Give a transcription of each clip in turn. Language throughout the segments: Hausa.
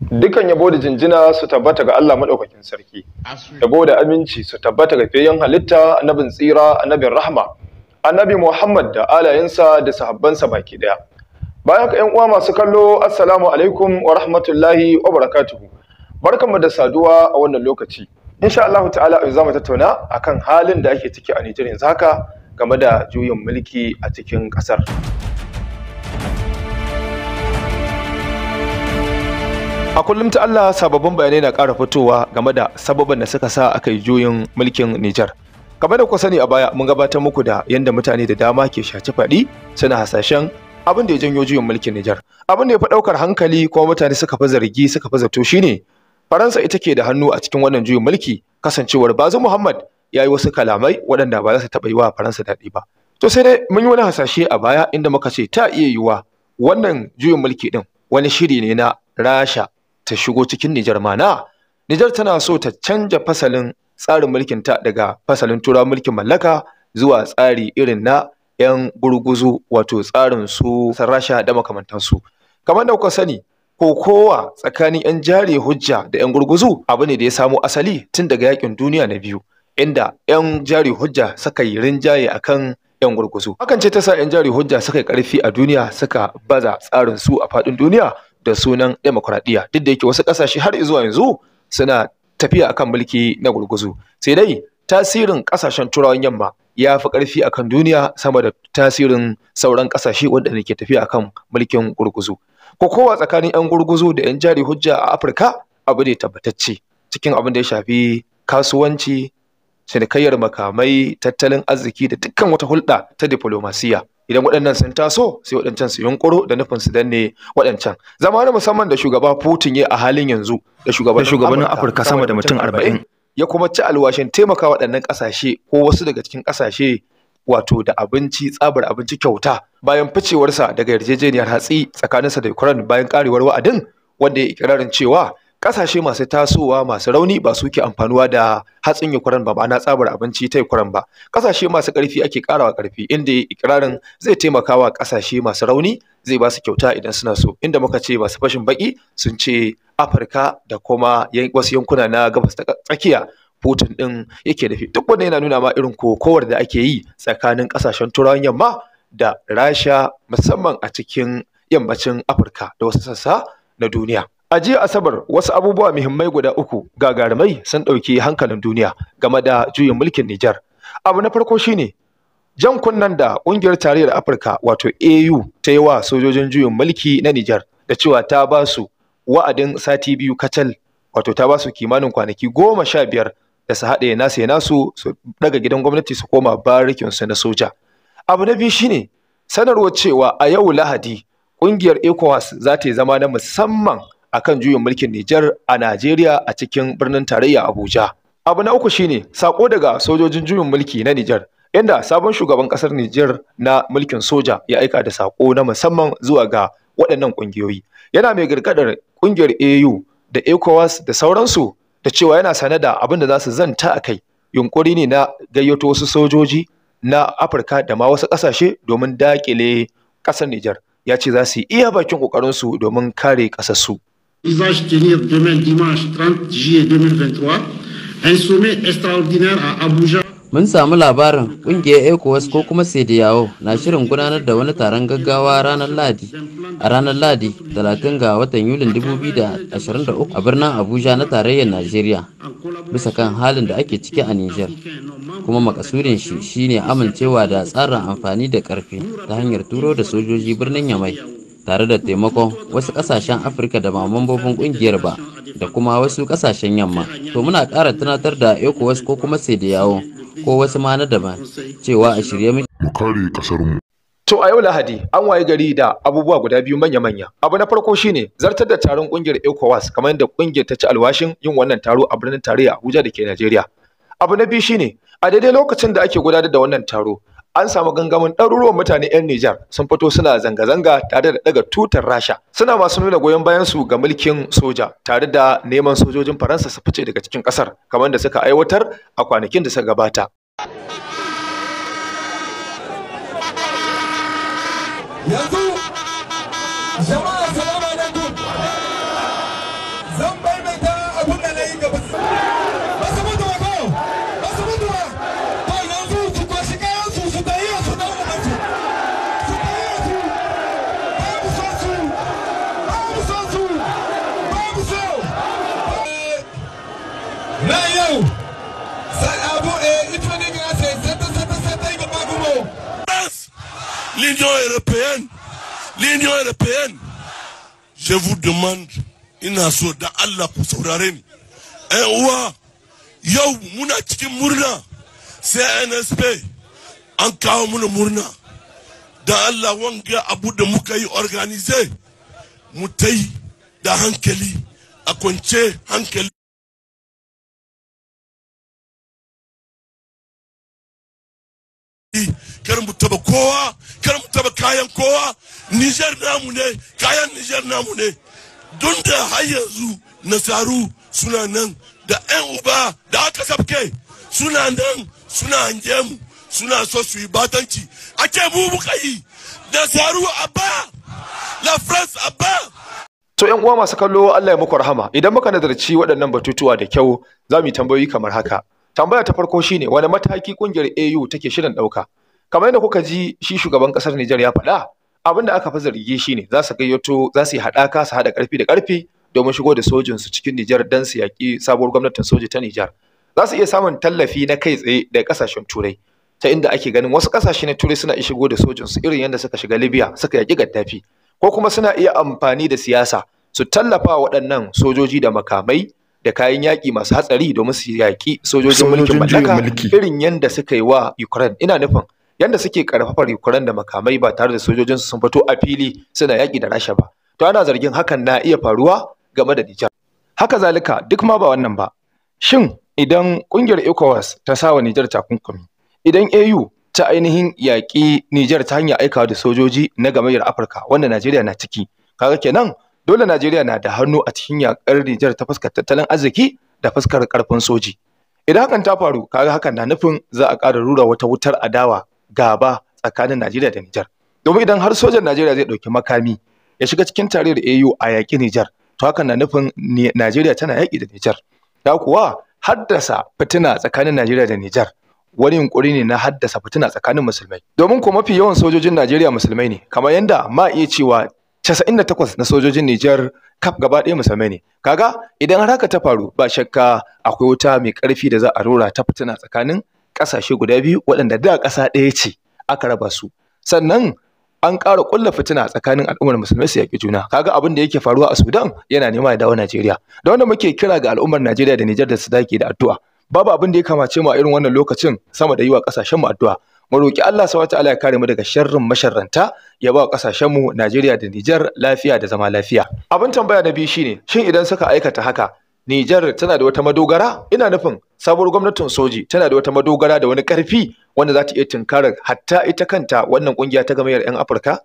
dukan yabo da jinjina su tabbata ga Allah madaukakin sarki yabo da aminci su tabbata ga feyan halitta annabin tsira annabin rahma annabi Muhammad da alayensa da sahabbansa baki daya bayan ka ƴan uwa masu kallo assalamu alaikum wa rahmatullahi wa barakatuhu barkanmu da saduwa a wannan lokaci insha Allah ta'ala yau zamu tattauna akan halin da ake ciki a Nigeria yanzu haka game da juyin mulki a cikin kasar a kullum ta Allah sababbin bayanai na ƙara fitowa game da sababbin da suka sa aka yi juyin mulkin Nijar. Kamar da ku sani a baya mun gabatar muku da yadda mutane da dama ke shaci faɗi suna hasashen abin da ya janyo juyin mulkin Nijar. Abin da ya fi ɗaukar hankali kuma mutane suka fi zargi suka fi zato shine Faransa ita ke da hannu a cikin wannan juyin mulki kasancewar Bazu Muhammad ya yi wasu kalamai waɗanda ba za su taɓa yi wa Faransa daɗi ba. To sai dai mun yi wani hasashe a baya inda muka ce ta iya yiwuwa wannan juyin mulki ɗin wani shiri ne na Rasha ta shigo cikin Nijar mana Nijar tana so ta canja fasalin tsarin mulkin ta daga fasalin tura mulkin mallaka zuwa tsari irin na 'yan gurguzu wato tsarin su Rasha da makamantansu kamar da kuka sani kowa tsakanin 'yan jari hujja da 'yan gurguzu abu ne da ya samo asali tun daga yakin duniya na biyu inda 'yan jari hujja suka yi rinjaye akan 'yan gurguzu hakan ce ta sa 'yan jari hujja suka yi ƙarfi a duniya suka baza tsarin su a faɗin duniya da sunan demokradiyya duk da yake wasu ƙasashe har zuwa yanzu suna tafiya akan mulki na gurguzu sai dai tasirin ƙasashen turawan yamma ya fi ƙarfi akan duniya sama da tasirin sauran ƙasashe wanda ke tafiya akan mulkin gurguzu ko kowa tsakanin 'yan gurguzu da 'yan jari hujja a afirka abu ne tabbatacce cikin abin da ya shafi kasuwanci cinikayyar makamai tattalin arziki da dukkan wata hulɗa ta diplomasiyya idan waɗannan sun taso sai waɗancan su yunkuro da nufin su danne waɗancan zama na musamman da shugaba Putin ya a halin yanzu da shugabannin Afirka sama da mutum arba'in ya kuma ci alwashin taimaka waɗannan ƙasashe ko wasu daga cikin ƙasashe wato da abinci tsabar abinci kyauta bayan ficewarsa daga yarjejeniyar hatsi tsakaninsa da Ukraine bayan karewar wa'adin wanda ya ikirarin cewa ƙasashe masu tasowa masu rauni ba suke amfanuwa da hatsin yukuran ba ma'ana tsabar abinci ta yukuran ba kasashe masu ƙarfi ake ƙarawa ƙarfi inda ikirarin zai taimaka wa ƙasashe masu rauni zai ba su kyauta idan suna so inda muka ce masu fashin baƙi sun ce afirka da kuma wasu yankuna na gabas ta tsakiya Putin din yake fi. duk wanda yana nuna ma irin kokowar da ake yi tsakanin kasashen turawan yamma da rasha musamman a cikin yammacin afirka da wasu sassa na duniya A jiya Asabar wasu abubuwa muhimmai guda uku gagarumai sun ɗauki hankalin duniya game da juyin mulkin Nijar. Abu na farko shine jan kunnen da ƙungiyar tarayyar Afirka wato AU ta yi wa sojojin juyin mulki na Nijar da cewa ta ba su wa'adin sati biyu kacal wato ta ba su kimanin kwanaki goma sha biyar da su haɗe nasu ya nasu su daga gidan gwamnati su koma barikinsu na soja. Abu na biyu shine sanarwar cewa a yau Lahadi ƙungiyar ECOWAS za ta yi zama na musamman akan juyin mulkin Nijar a Najeriya a cikin birnin tarayya Abuja. Abu na uku shine sako daga sojojin juyin mulki na Nijar inda sabon shugaban kasar Nijar na mulkin soja ya aika da sako na musamman zuwa ga waɗannan ƙungiyoyi. Yana mai girgadar ƙungiyar AU da ECOWAS da sauransu da cewa yana sane da abin da za su zanta a kai yunkuri ne na gayyato wasu sojoji na Afirka da ma wasu ƙasashe domin daƙile ƙasar Nijar. Ya ce za su iya bakin ƙoƙarinsu domin kare ƙasarsu. qui va se tenir demain dimanche 30 juillet 2023 un sommet extraordinaire à Abuja. Mun samu labarin kungiyar ECOWAS ko kuma Sediyawo na shirin gudanar da wani taron gaggawa ranar Ladi a ranar Ladi 30 ga watan Yulin 2023 a birnin Abuja na tarayyar Najeriya bisa kan halin da ake ciki a Nijar. Kuma makasudin shi shine amincewa da tsarin amfani da karfi ta hanyar turo da sojoji birnin Yamai. tare da taimakon wasu kasashen afirka da ba mambobin kungiyar ba da kuma wasu kasashen yamma to muna kara tunatar da ecowas ko kuma sai da yawo ko wasu ma na daban cewa a shirye mu kare To a yau Lahadi an waye gari da abubuwa guda biyu manya-manya. Abu na farko shine zartar da taron kungiyar ECOWAS kamar yadda kungiyar ta ci alwashin yin wannan taro a birnin tarayya Abuja da ke Najeriya. Abu na biyu shine a daidai lokacin da ake gudanar da wannan taro an samu gangamin ɗaruruwan mutane 'yan Nijar sun fito suna zanga-zanga tare da ɗaga tutar Rasha. Suna masu nuna goyon bayan su ga mulkin soja tare da neman sojojin Faransa su fice daga cikin ƙasar kamar da suka aiwatar a kwanakin da suka gabata. Yanzu jama'a l'Union européenne l'Union européenne je vous demande une so da Allah ku saurare roi ƴan uwa yau Mourna. C'est un sai NSP an kawo muna murna dans Allah wanga abu de Moukaï yi Moutaï. mu tai da hankali a hankali kar mu taba kowa kar mu taba kayan kowa nijar namu ne kayan nijar namu ne don da har yanzu nasaru suna nan da 'yan uba da aka sabke suna nan suna hange mu suna so su yi batanci ake mu muka yi nasaru a ba la france a ba To ‘yan uwa masu kallo Allah ya muku rahama, idan muka nazarci waɗannan batutuwa da kyau za mu yi tambayoyi kamar haka. tambaya ta farko shine wani mataki kungiyar AU take shirin dauka kamar yadda kuka ji shi shugaban kasar Nijar ya faɗa abin da aka fi zargi shine za su gayyato za su yi haɗaka su haɗa ƙarfi da ƙarfi domin shigo da sojin su cikin Nijar dan su yaki sabuwar gwamnatin soji ta Nijar za su iya samun tallafi na kai tsaye daga ƙasashen Turai ta inda ake ganin wasu ƙasashe na Turai suna shigo da sojin su irin yadda suka shiga Libya suka yaƙi Gaddafi ko kuma suna iya amfani da siyasa su tallafa waɗannan sojoji da makamai da kayan yaƙi masu hatsari domin su yaƙi sojojin mulkin mallaka irin yadda suka yi wa Ukraine ina nufin yadda suke karfafar Ukraine da makamai ba tare da sojojin sun fito a fili suna yaƙi da Rasha ba to ana zargin hakan na iya faruwa game da Nijar haka zalika duk ma ba wannan ba shin idan kungiyar ECOWAS ta sa wa Niger takunkumi idan AU ta ainihin yaƙi Niger ta hanyar aikawa da sojoji na gamayyar Afirka wanda Najeriya na ciki kaga kenan dole Najeriya na da hannu a cikin yakar Nijar ta fuskar tattalin arziki da fuskar karfin soji idan hakan ta faru kaga hakan na nufin za a ƙara rura wata wutar adawa gaba tsakanin Najeriya da Nijar domin idan har sojan Najeriya zai ɗauki makami ya shiga cikin tarayyar AU a yaƙi Nijar to hakan na nufin Najeriya tana yaƙi da Nijar da kuwa haddasa fitina tsakanin Najeriya da Nijar wani yunkuri ne na haddasa fitina tsakanin musulmai domin ko mafi yawan sojojin Najeriya musulmai ne kamar yanda ma iya cewa 98 na sojojin Nijar kaf gaba ɗaya musulmai ne. Kaga idan har haka ta faru ba shakka akwai wuta mai ƙarfi da za a rora ta fitina tsakanin ƙasashe guda biyu waɗanda da ƙasa ɗaya ce aka raba su. Sannan an ƙara ƙulla fitina tsakanin al'ummar musulmai su yaƙi juna. Kaga abin da yake faruwa a Sudan yana nema ya dawo Najeriya. Da wanda muke kira ga al'ummar Najeriya da Nijar da su dake da addu'a. Babu abin da ya kamace mu a irin wannan lokacin sama da yi wa ƙasashen mu addu'a. mu roki Allah subhanahu wataala ya kare mu daga sharrin masharranta ya ba kasashen mu Najeriya da Niger lafiya da zama lafiya abin tambaya na biyu shine shin idan suka aikata haka Niger tana da wata madogara ina nufin sabuwar gwamnatin soji tana da wata madogara da wani karfi wanda za ta iya tunkarar hatta ita kanta wannan kungiya ta gamayyar 'yan Afirka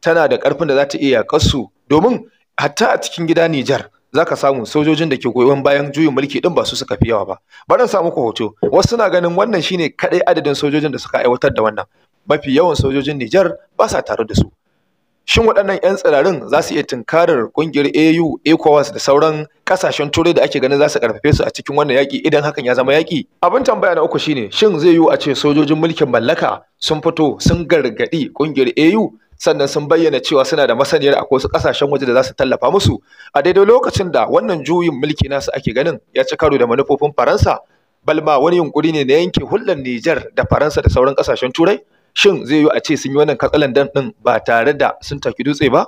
tana da karfin da za ta iya kasu domin hatta a cikin gida Niger zaka samu sojojin da ke goyon bayan juyin mulki din ba su suka fi yawa ba bari sa muku hoto wasu suna ganin wannan shine kadai adadin sojojin da suka aiwatar da wannan mafi yawan sojojin Nijar ba sa tare da su shin waɗannan 'yan tsirarin za su iya tunkarar ƙungiyar AU, ECOWAS da sauran ƙasashen turai da ake ganin za su karfafe su a cikin wannan yaki idan hakan ya zama yaki Abin tambaya na uku shine shin zai yiwu a ce sojojin mulkin mallaka sun fito sun gargaɗi ƙungiyar AU sannan sun bayyana cewa suna da masaniyar akwai wasu kasashen waje da za su tallafa musu a daidai lokacin da wannan juyin mulki nasu ake ganin ya ci karo da manufofin Faransa balma wani yunkuri ne na yanke hulɗar Nijar da Faransa da sauran kasashen Turai shin zai yiwu a ce sun yi wannan katsalandan din ba tare da sun taki dutse ba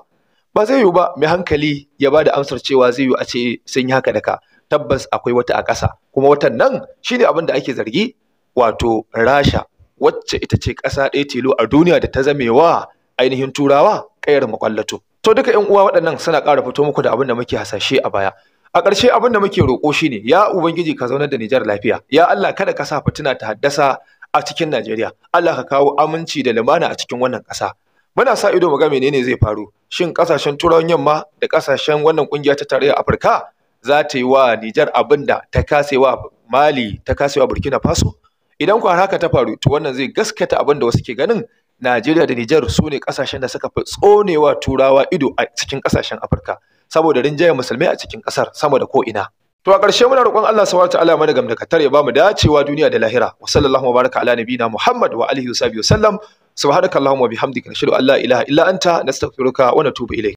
ba zai yiwu ba mai hankali ya ba da amsar cewa zai yiwu a ce sun yi haka da ka tabbas akwai wata a ƙasa kuma watan nan shine abin da ake zargi wato Rasha wacce ita ce ƙasa ɗaya tilo a duniya da ta zamewa ainihin turawa kayar makwallato to duka yan uwa waɗannan suna ƙara fito muku da abin da muke hasashe a baya a ƙarshe abin da muke roƙo shine ya ubangiji ka zaunar da Nijar lafiya ya Allah kada ka sa fitina ta haddasa a cikin Najeriya Allah ka kawo aminci da lumana a cikin wannan ƙasa muna sa ido mu ga menene zai faru shin ƙasashen turawan yamma da ƙasashen wannan kungiya ta tarayyar Afirka za ta yi wa Nijar abin da ta kasewa Mali ta kasewa Burkina Faso idan ku har haka ta faru to wannan zai gaskata abin da wasu ke ganin Najeriya da Nijar su ne ƙasashen da suka fi tsonewa turawa ido a cikin ƙasashen Afirka saboda rinjaye musulmai a cikin ƙasar sama da ko'ina. To a ƙarshe muna roƙon Allah subhanahu ta'ala mana gamdakatar ya bamu dacewa duniya da lahira. Wa sallallahu baraka ala nabiyina Muhammad wa alihi wa wa sallam. Subhanakallahumma wa bihamdika nashhadu an la ilaha illa anta nastaghfiruka wa natubu ilayk.